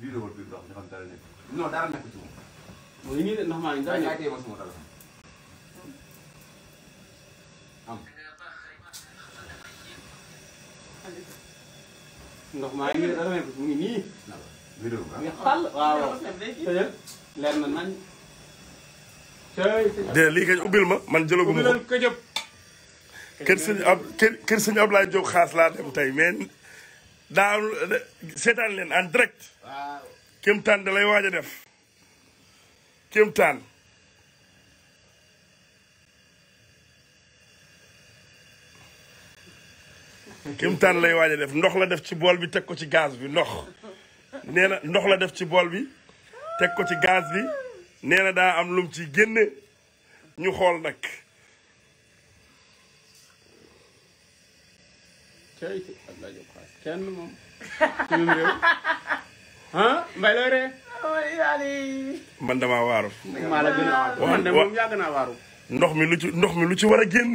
lii la war de ma lii kañ ubbil ma man jëlagum ko. ubbilal ko jëpp. kër ab kër sëñ xaas laa dem tey mais. daaw seetaan leen en direct. waaw kéemtaan da lay waaj a def kéemtaan. kéemtaan lay waaja a def ndox la def ci bool bi teg ko ci gaz bi ndox nee na ndox la def ci bool bi teg ko ci gaz bi nee na daa am lum ci génne ñu xool nag. Okay. kenn moom. suñu mbay looy ree. man damaa waaru. maa la gën naa waaru. ndox mi lu ci ndox mi lu ci war a génn.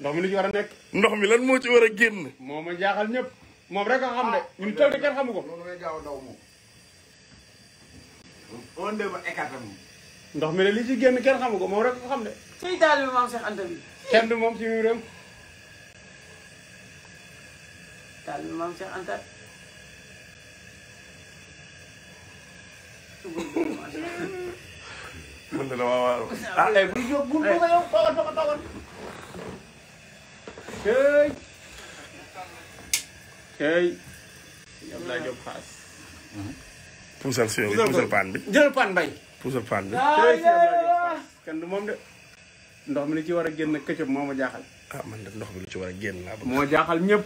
ndox mi lu ci war a nekk. ndox mi lan moo ci war a génn. moom a jaaxal ñëpp. moom rek a xam de ñun tëw de kenn xamu ko. ndox mi de li ci génn kenn xamu ko moom rek a xam de. suy daal bi maam Cheikh kenn du moom ci réew. taal bi maam Cheikh Anta mën na la waaw waaw paan bi jël paan bay puusal paan bi kenn du moom de ndox mi li ci war a génn këccëb moo ma jaaxal ah ndox mi lu ci war a génn laa bëgg moo jaaxal ñëpp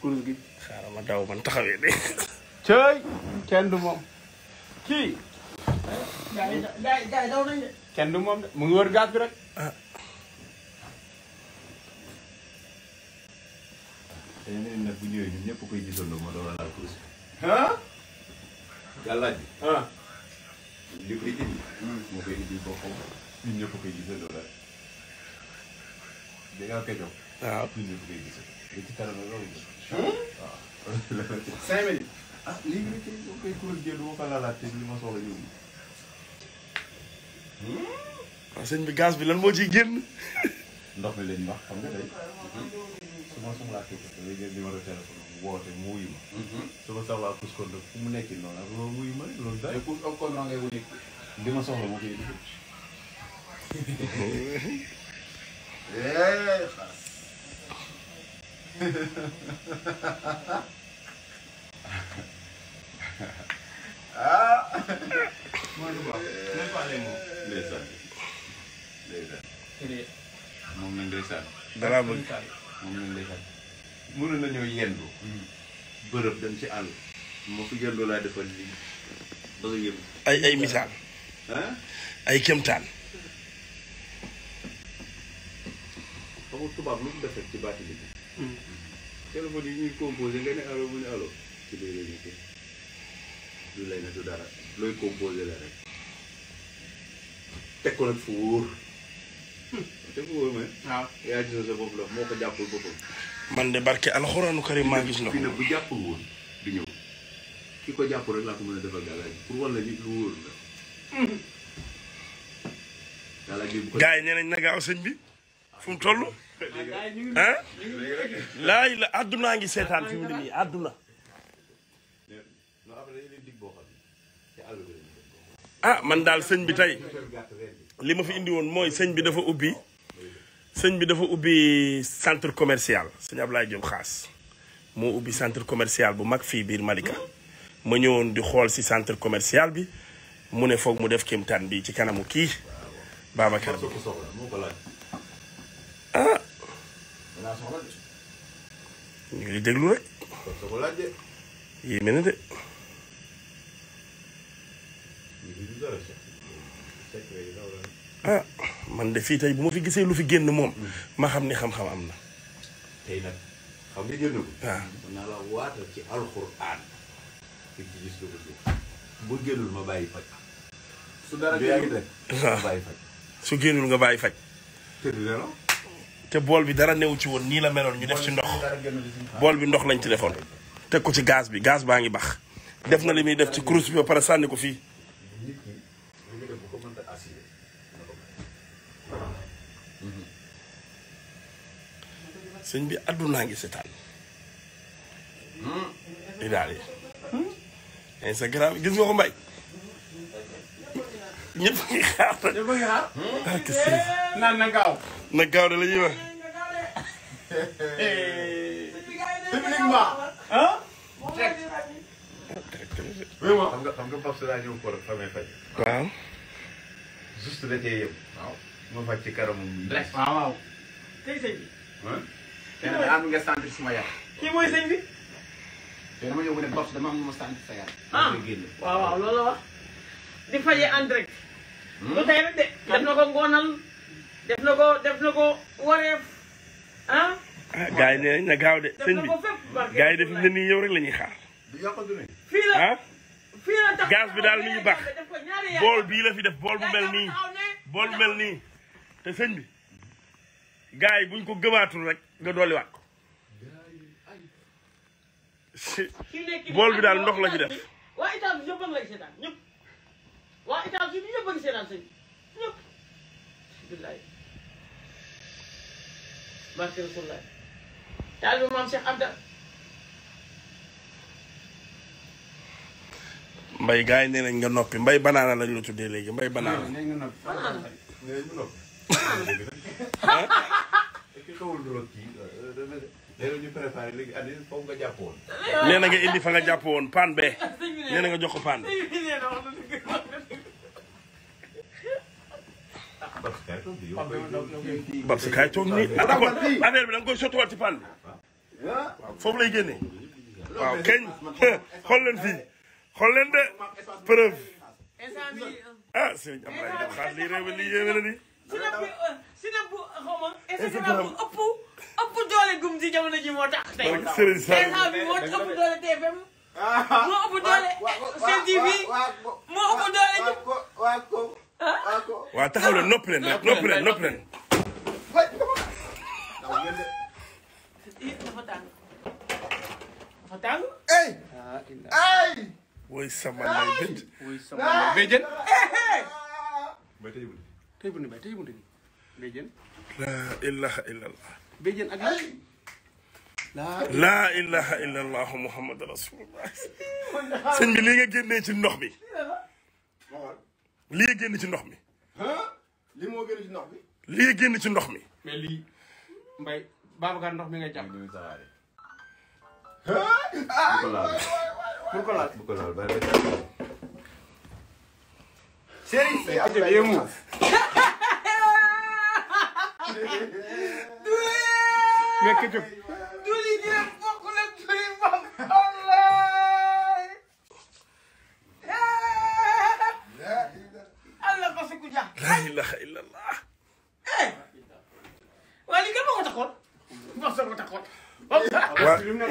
kurus gi. xaaral ma daw man taxawee de. cëy kenn du moom. kii. kenn du moom de mu ngi wër gaz bi rek. te ah. yeneen bu ñëwee ñun ñëpp koy gisandoo ma waaw. waaw. cinq minutes. ah léegi nag tey boo koy kuréel jël du ma ko laalaat li ma soxla ñëw. waaw sëñ bi gaz bi lan moo ci génn. ndox mi lañ wax xam nga tey. su ma soxlaa kii quoi damay jël numéro téléphone woote mu wuyu ma. su ma soxlaa kus kon fu mu nekk noonu ak loolu wuyu ma loolu daal. mais kus kon ngay wuyu li ma soxla moo koy dugg. Eee, ah. mooy lu baax moom. ndeysaan ndeysaan. moom la ndeysaan. dara yendu. bërëb dem ci àll. moo fi yendu laa defal lii ay ay misaal. ay kéemtaan. xam nga tubaab lu mu defee ci baati bi. Hmm. téléphone yi ñuy composé nga ne allo mu ne allo ci biir la nekkee ne looy composé la rek teg ko nag fu wóor. Hmm. ko man de barke alxuraanu karim maa gis ndox. fii bu jàppul woon ñëw ki ko jàpp rek laa a defal pour wala nit lu wóor la. Hmm. bi. fu mu toll ah laay la àddunaa ngi seetaan fi mu ne nii adduna ah man daal sëñ bi tey li ma fi indi woon mooy sëñ bi dafa ubbi sëñ bi dafa ubbi centre commercial sëñ Ablaye Diop xaas moo ubbi centre commercial bu mag fii biir Malika ma ñëwoon di xool si centre commercial bi mu ne foog mu def kéemtaan bi ci kanamu kii Babacar bi naa soxla de. ñu ngi déglu rek. kon sa de. na de. ah man de fii tey bu ma fi gisee lu fi génn moom. ma xam ni xam-xam am na. tey nga génn ko. waaw ah. mën naa la waatal génnul ah. su génnul nga bàyyi faj. te bool bi dara newu ci woon nii la meloon ñu def ci ndox bool bi ndox lañ ci defoon teg ko ci gas bi gaz baa ngi bax def na li muy def ci cruche bi ba pare sànni ko fii sëñ bi àddunaa ngi seetaan di daal yi hmm? Instagram gis nga ko mbay ñëpp a ngi xaar. ñëpp a ngi xaar. Hmm? Ah, naan na gaaw. na gaaw de la ñuy wax. techniquement. ah. teg. vraiment xam nga xam nga Pape Sala ñëw ko rek famille faj. waaw. juste da cee yem. waaw ma faj ci karamu. rek waaw waaw. tey sëñ bi. ah. am nga sant suma yàq. kii mooy sëñ bi. te dama ñëw ne Pape dama am ma sant sa yàq. ah waaw waaw loolu la wax. di faje en direct du hmm? tey rek de ko ngoonal def na ko def ko ah? Ah, yi nee nañ sëñ bi gars yi def na nii yow ah? bi daal mi bool bii la fi def bool bu mel nii bool bu mel nii te sëñ bi gars yi buñ ko gëmaatul rek nga doole dolliwaat ko bool bi daal ndox la ci def. waa États-Unis ñëpp a ngi seetaan sëñ bi ñëpp billaay barke rasulaay taal bi maam Cheikh Abda mbay gars yi nee nañ nga noppi mbay banaana lañ la tuddee léegi mbay banaana nee na nga indi fa nga jàpp woon paan be nee na nga jox ko paan Babs kaay toog nii ah, affaire a da nga koy sottiwaat ci pan bi foofu lay génne waaw keñ xool leen fii xool leen de preuve ah sëñ am lay def xaar lii réew mi lii yéeme na ni sinap bu xawma Instagram bu ëpp ëpp doole gum ci jamono ji moo tax tey Sëriñ Sall bi moo ëpp doole TFM moo ëpp waaw taxaw leen noppi leen nag noppi leen noppi leen. dafa tàng dafa tàng. ay. woy sama lay bëj. woy sama lay bëjën. bay tey bundi. tey bundi bay tey bundi bëjën. laa ilaha illallah. bëjën ak lan. laa ilaha illallah muhammad rasulullah. sëñ bi lii nga génnee ci ndox mi. lii nga génne ci ndox mi. lii moo génn ci ndox mi. lii génn ci ndox mi. mais lii mbay Babacar ndox mi nga jàpp. bu ko laal bu ko laal bu ko laal.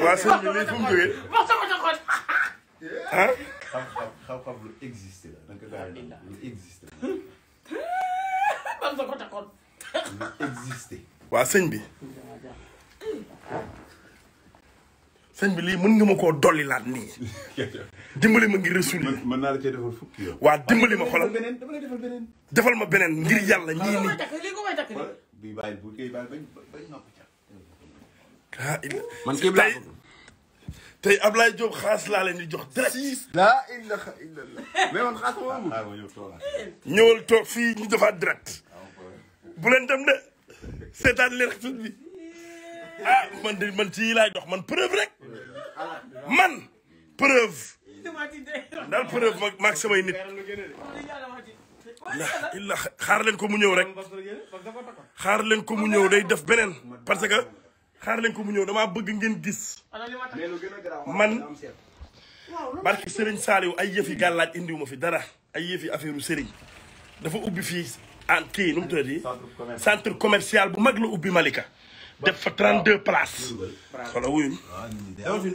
waaw sëñ bi lii fu ko daal lu existe sëñ bi. sëñ bi lii mën nga ma koo dollilaat laat nii. dimbali ma ngir rasul yi. mën naa la cee defal fukki yoon. waaw dimbali ma xoolal defal ma beneen ngir yàlla ñii nii. lii nii. man képp laa bëgg. tey Ablaye Diop xaas laa leen di jox direct. laa ilaha illallah mais man xaas moo ah, ñëwal toog fii ñu defaat direct. bu leen dem de seetaan leen rek bi ah man de man ci laay jox man preuve rek man preuve daal preuve maag samay nit xaar leen ko mu ñëw rek xaar leen ko mu ñëw day def beneen parce que. xaar leen ko mu ñëw damaa bëgg ngeen gis. man barki Serigne Saliou ay yëfi gàllaaj indiwuma fi dara ay yëfi affaire Serigne dafa ubbi fii en kii nu mu centre commercial bu mag la ubbi Malika. def fa 32 places. xoola wuyu. defal fi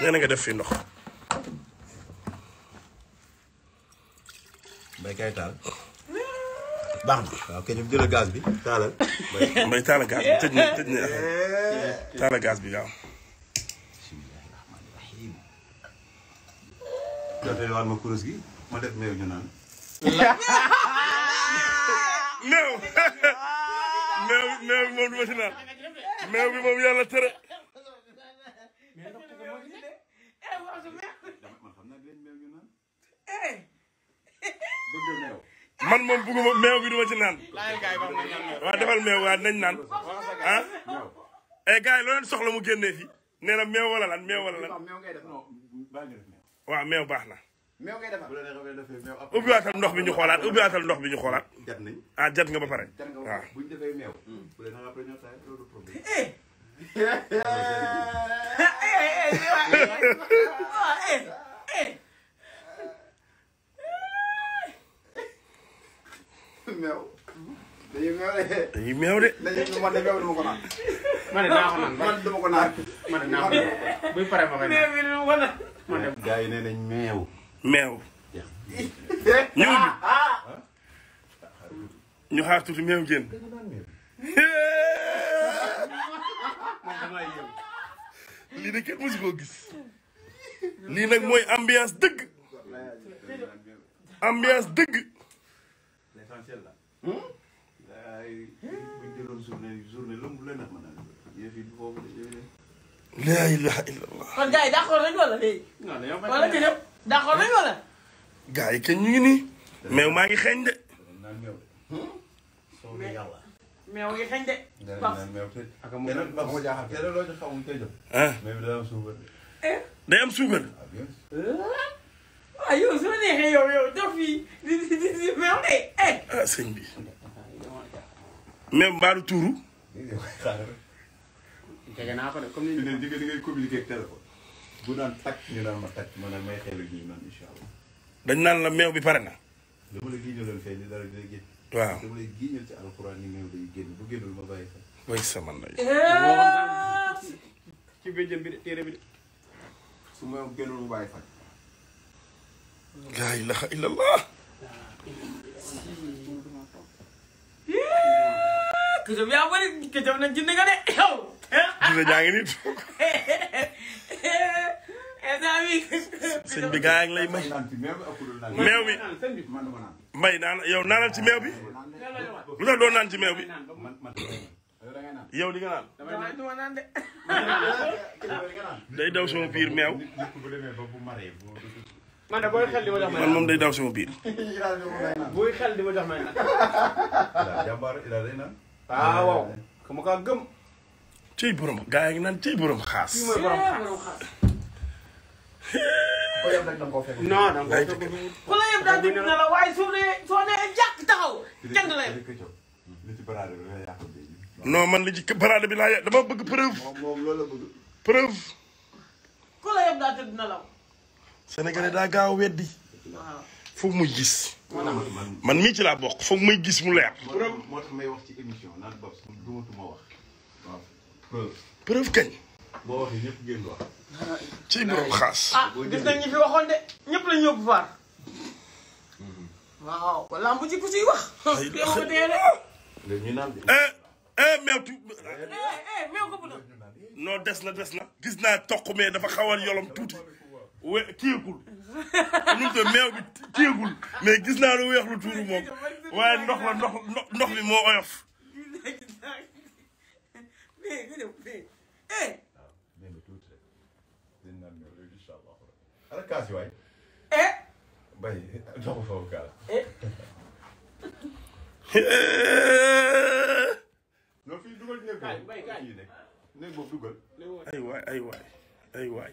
nga def fi ndox. mbay kay baax na waaw bi taalal. mbay taala bi tëj na tëj bi waaw. bismillaahi bi moom man moom bugguma meew bi du ma ci naan. waaw defal meew waaw nañ naan ah. eh gars yi loo soxla mu génnee fii nee na meew wala lan meew wala lan. waaw meew baax na. ubbiwaatal ndox bi ñu xoolaat ubbiwaatal ndox bi ñu xoolaat. ah jat nga ba pare waaw. meew. dañuy meew de. dañuy meew de. dañuy ñu xaar tuuti meew jën. lii nag kenn mooy ambiance dëgg. ambiance dëgg. essentiel la. Hmm? ay bu ñu a a yëf yi foofu la la ilaha illallah. kon gars yi wala léegi. non dañoo bañ a wala dina d'accord nañu meew maa ngi xeeñ de. Hmm? meew ngi xeeñ de. Ah. day am suukar. Eh? day ah, waaw yow su ma neexee yow yow dox fii naa comme ni ñu. di ngay communiquer ak dañ naan la meew bi pare na. dama la giññaloon fay ni dara dina génn. waaw dama la giññal ci ma bàyyi fa. way sama ndey. Eh. ci laa ilaha illallah këjëf yaa bëri këjëf na de yow jinne jaa ngi nit sëñ bi lay may meew bi mbay naan yow naanal ci meew bi lu tax doo naan ci meew bi yow di nga naan day daw sama biir meew man booy xel di ma jox man moom day daw sama biir. buy xel di ma jox may naan. jàmbaar il a day naan. ah waaw. mu kaa gëm. cëy borom gaa yi naan cëy borom xaas. cëy borom xaas. non non. ku la yëpp daal di ne la waaye soo nee soo nee jàkk taxaw kenn la yëpp. non man li ci baraade bi laa dama bëgg preuve. preuve. ku la yëpp daal di ne la. Sénégalais daa gaaw weddi. foog muy gis. man mii ci laa bokk foog muy gis mu leer. moo tax may ci émission naan bopp dumatuma wax. waaw preuve. kañ. ci borom xaas. Ah, gis nañ ñi fi waxoon de. ñëpp lañ yóbbu faar. Mhm. waaw. ñu naan de. Eh, eh, eh, des na des na. gis naa toq mais dafa xawal yolom tuuti. we kiigul ñun te meew bi kiigul mais gis naa lu weex lu tuuru moom waaye ndox la ndox ndox moo oyof. ay waay ay waay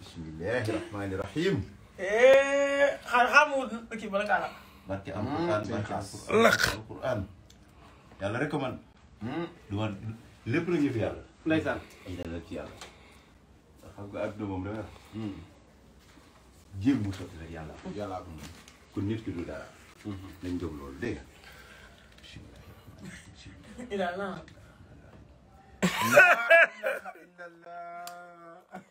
bismillahi rahmaani rahim. xam-xam mu kii bala kaa la. barke alquran barke alquran lakk alquran yàlla rek ko man. du ma lépp la ñu fi yàlla. ndeysaan. yàlla ci yàlla. xam nga adduna moom dafay wax. jéem mu sotti rek yàlla. yàlla ko moom. kon nit ki du dara. nañ gëm loolu dégg nga. bisimilah. incha allah.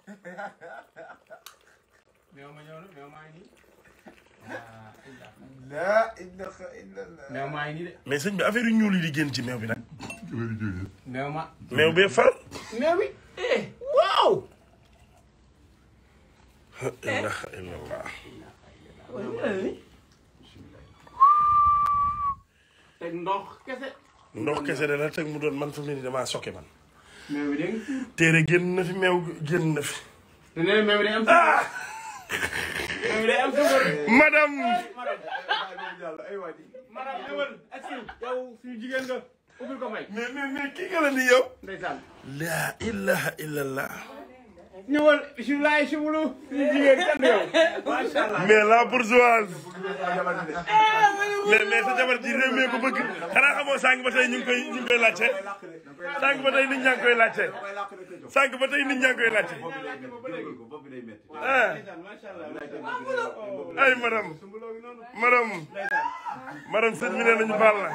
meew ma ñëw na meew maa ngi nii. la ilaha illallah. meew maa ngi nii de. mais sëñ bi affaire yu ñuul yi di génn ci meew bi nag. meew ma. meew bee far. meew bi eh waaw. la ilaha illallah. teg ndox kese. ndox kese de la teg mu doon man fi mu ne nii damaa sokke man. meew bi téere génn na fi meew génn fi. te nee meew bi kii nga la ni yow. ñëwal Julaay Soumboulou. ñu jigéen kenn yow. macha allah mais la bourgeoise. mais eh, mais sa jabar ji réew mi ko bëgg. xanaa xamoo sànq ba tey ñu koy ñu ngi koy laajte. sànq ba tey nit ñaa ngi koy laajte. sànq ba tey nit ñaa ngi koy laajte. Eh. ay madame. madame. madame sëñ bi nee nañu baal la.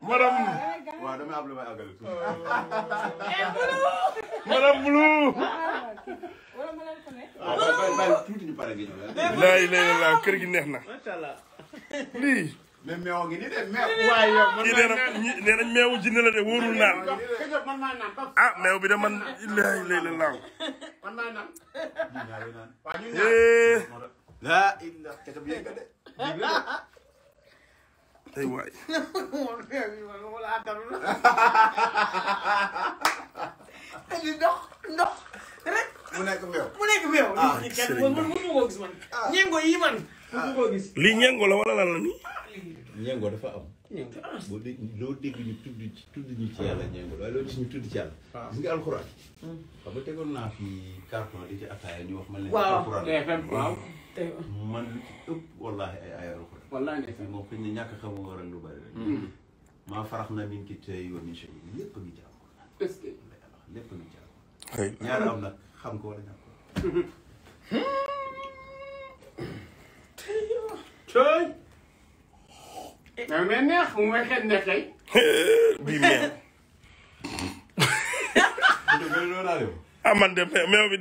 madame. waaw damay oh. eh, am ah, kër gi neex na. macha allah. lii. mais meew gi nii de meew. jinne la de wóorul naan. ah meew bi de man. laa ilaaha illallaah. ay waay li ndox ndox rek. mu nekk meew mu nekk meew. ah ñengo la wala lan la nii. ñengo dafa am. loo dégg ñu tudd ñu ci yàlla ah. ñengo waaye loo gis ñu tudd ci yàlla. waaw ah. alxuraan. Hmm. xam nga tegoon naa fi carton di ci ataaya ñu wax. man leen hmm. man ëpp wallaahi ay ay alxuraan. wallaay ndeysaan moom xëy na ñàkk xamu waral lu bari rek hmm. maa farax na min ki tey wa min shay lépp ngi ci alxuraan est-ce que lépp ngi ci alxuraan ñaar am nag xam ko wala ñàkk ko cooy mais neex mu may xet neex kay bii meew ah man de meew bi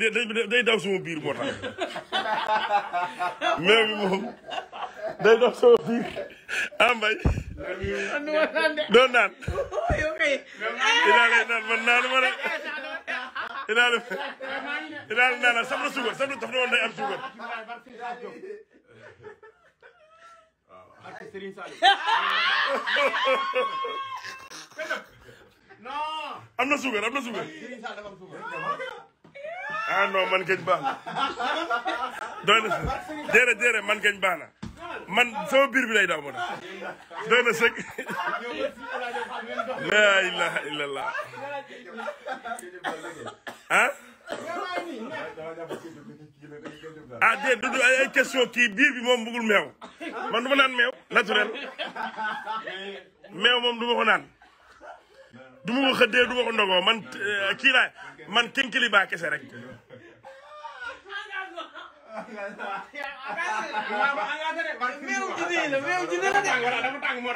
day daw suma biir moo tax meew bi moom day dox sama biir ah mbay. doon naan. dinaa leen naan man na suukar saf na daf na day am suukar. am na suukar am na suukar. ah non man gañ baax man sama biir bi lay daw ma def na sëg laa ilaha illallah ah ah de du du ay question kii biir bi moom bëggul meew man du ma naan meew naturel meew moom du ma ko naan du ma ko xëddee man euh, kii laa baa kese rek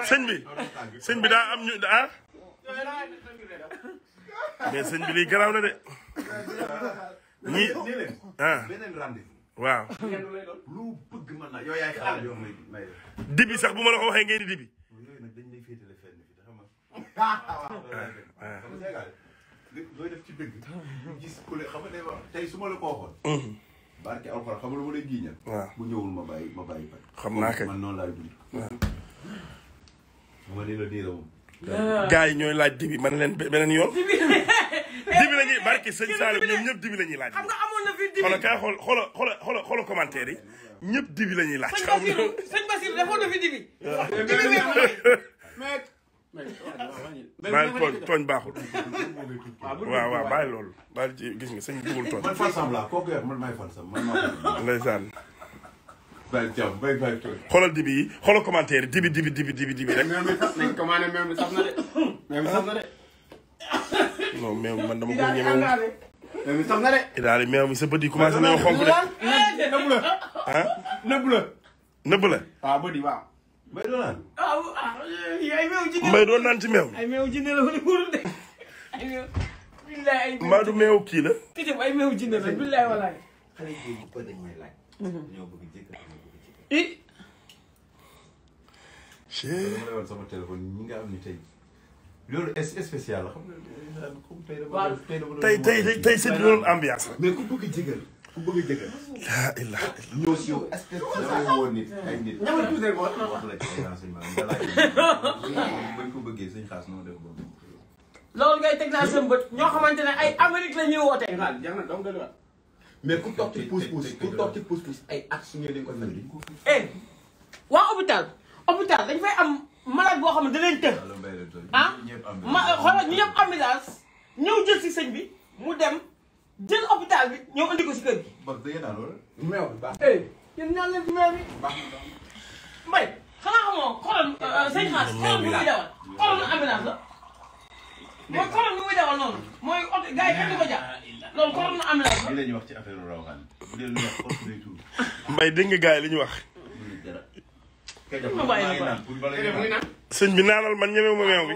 sëñ bi sëñ bi daa am ñu ah mais sëñ bi lii garaaw na de ñi ah waaw dibi sax bu ma la ko waxee ngeen di dibi looy def ci dëgg gis ku le xam nga day wax tey su ma la ko waxoon mm-hmm. waa alxuraan xam waaw bu ñëwul ma bàyyi ma xam naa kay man noonu la nii ah. yi ñooy laaj dibi man leen beneen yoon. dibi dibi la barke sëñ Saalum ñoom ñëpp dibi lañuy laaj. xam nga amoon na fi dibi xool xoolal xoolal xoolal commentaire yi ñëpp dibi la laaj. xam nga sëñ fi dibi. mais bàyyi tooñ tooñ baaxul. Ah, ah, waaw waaw bàyyi loolu. bàyyi ci gis nga sëñ bi duggul tooñ. man Fansam laa kooku yor man maay Fansam man maa ko. ndeysaan. xoolal dibi yi xoolal commentaire dibi dibi dibi dibi dibi rek. même na de. même man dama ko ñeme. na de. Idaali meew mi sa bët yi commencé nañoo xonk la ah nëbb la. nëbb la. mbay doon naan. Ah, ah ah ay meew jinne. mbay doon naan ci meew. ay meew jinne la wala wóorul de. ay meew. billaay ay meew mbaa du meew kii la. kii tam ay meew jinne la billaay walaay. xale yi ñu bëri dañ may laaj. Mhm. ñoo bëgg jëkkër ñoo bëgg jëkkër. i. chère dama lay sama téléphone ñi nga am ni tey loolu spécial la xam nga. tey tey tey tey c'est une ambiance la. mais ku bëgg jëkkër. ku laa ilaaha illallaah. ñoo si yow la ci ay renseignement buñ ko bëggee suñ xaas noo def boobu. loolu ngay teg bët ñoo xamante ne ay Amérique la ñuy woote. mais ku toog ci pousse pousse ku toog ci pousse pousse ay at su ñëwee dañ ko nangu. eh waa hôpital hôpital dañ fay am malade boo xam ne da leen tënk. ah ma xoolal ñëpp ambulance ñëw jël si sëñ bi mu dem. jël hôpital bi ñëw andi ko si kër eh, mbay xanaa xamoo xoolal sëñ xaas bi ci affaire rawxaan bu wax naanal man ñemewu meew bi.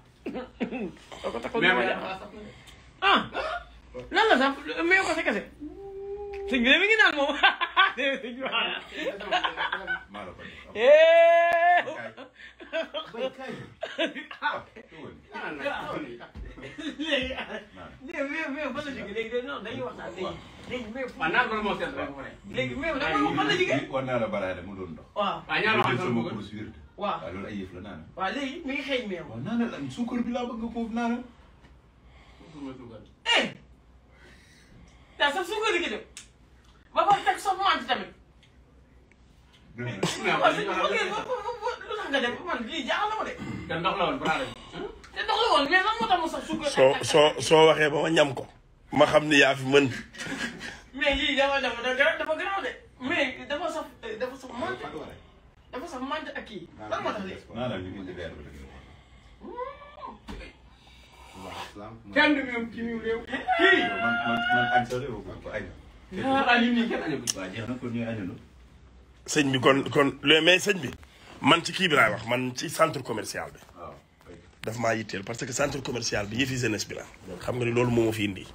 ko taxul ah lan la sax meew ko sa kese. bi de mi ngi naan moom. léegi waaw waaw loolu ay yëf la naana. waaw léegi mi ngi xëy meew. waaw naana la suukar bi laa bëgg nga foofu naana. suukar suukar. daa sax suukar gi dem. ba pare teg soxna Anta la dëgg la waaw lu tax nga ma de. te ndox la woon bravo. te ndox la woon mais lan moo tax mu sax suukar. soo soo waxee ba ma ñam ko. ma xam ne yaa fi mën. mais lii dafa dafa dafa garaaw de mais dafa sax ah, oh, sëñ bi kon kon le mais sëñ bi. man ci kii bi laay wax man ci centre commercial bi. Ah, daf maa yitteel parce que centre commercial bi yëfi jeunesse bi la. xam nga ni loolu moo ma fi ndi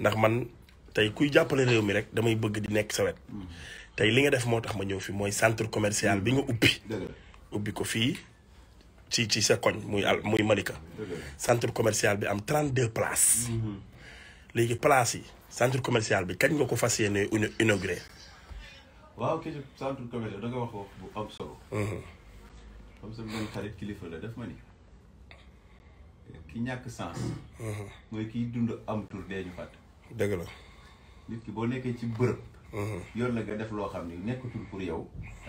ndax man tey kuy jàppale réew mi rek damay bëgg di nekk sawet hmm. tey li nga def moo tax ma ñëw fi mooy centre commercial mm. bi nga ubbi ubbi ko fii ci ci sa koñ muy al Malika centre commercial bi am 32 places mm-hmm. léegi places yi centre commercial bi kañ nga ko fas yéene inauguré waaw kii centre commercial wax bu am mm-hmm. kilifa la def ma ki ñàkk sens mm-hmm. mooy kiy dund am tur dee ñu fàtt dëgg la Mm-hmm. yor la nga def loo xam ni nekkatul pour yow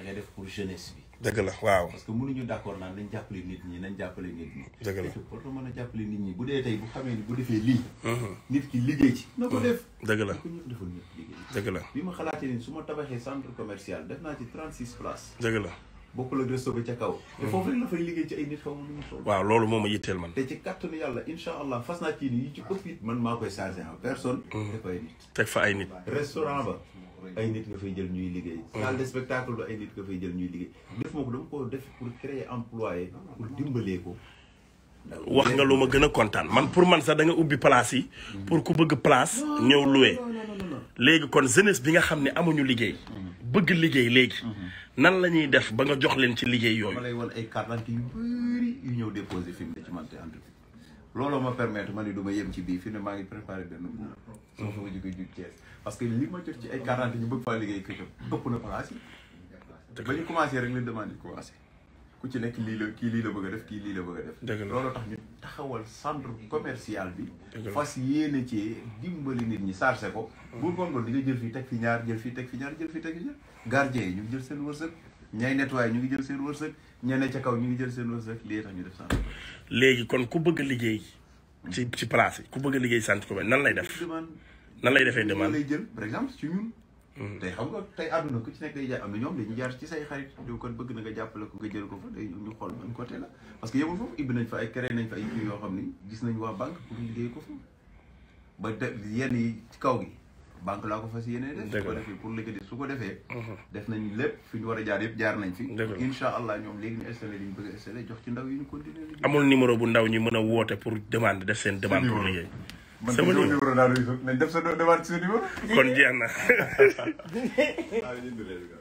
da pour jeunesse bi. dëgg la waaw parce que mënuñu d' accord naan nañ jàppale nit ñi nañ jàppale nit ñi. dëgg la pour a jàppale nit ñi bu dee tey bu xamee mm-hmm. ki liggéey ci. na mm-hmm. la ñëpp deful ñëpp liggéey. la bi ma xalaatee ni su ma tabaxee centre commercial def naa ci 36 places. dëgg la bokk la resto ba ca kaw. te foofu ci ay nit xaw ma nu waaw loolu moom ma yitteel man. te ci kàttanu yàlla incha allah fas naa ci ni yi ci ëpp it man maa koy changé en personne. teg fa ay nit. restaurant ba. ay nit nga fay jël ñuy liggéey mm-hmm. salle de spectacle du ay nit jël ñuy liggéey def ma ko dama ko def pour créer employé pour dimbalee ko wax nga lu ma gën a kontaan man pour man sax da nga ubbi place yi pour ku bëgg place ñëw luwe léegi kon jeunesse bi nga xam ne amuñu liggéey mm-hmm. bëgg liggéey léegi mm-hmm. nan la ñuy def ba nga jox leen ci liggéey yooyu ma lay ay carte ñëw déposé fi mu looloo ma permettre ma ni du yem ci bii fii ne maa ngi préparé benn buur soo fa ma jógee jug Thiès parce que li ma jot ci ay quarante ñu bëgg faa liggéey këcam ëpp na place yi ba ñu commencé rek leen demande yi ku ci nekk lii la kii lii la bëgg a def kii lii la bëgg a def looloo tax ñu taxawal centre commercial bi fas yéene ci dimbali nit ñi chargé ko bu gongoon li nga jël fii teg fi ñaar jël fii teg fi ñaar jël fii teg fi ñaar gardien yi ñu jël seen wërsëg ñay nettoyé ñu ngi jël seen wërsëg ña ne ca kaw ñu ngi jël seen wërsëg lii tax ñu kon ku bëgg liggéey ci ci place yi ku bëgg a liggéey centre commercial nan lay def nan lay defee demande lay jël par exemple ci ñun hmm. tey xam nga tey àdduna ku ci nekk day jaay am na ñoom dañuy jaar ci say xarit di kon bëgg na nga jàppale ko nga jël ko fa day ñu xool ban côté la parce que yemul foofu ibbi nañ fa ay créé nañ fa ay kii yoo xam ni gis nañ waa banque pour liggéey ko fa ba yenn yi ci banque laa ko fas yéene def su ko defee pour liggéey su ko def nañ lépp fi ñu war a jaar yëpp jaar nañ fi incha allah ñoom léegi ñu installé bëgg a jox ci ndaw yi ñu continuer amul numéro a woote pour demande def seen demande pour liggéey man sa demande ci sa numéro kon jeex na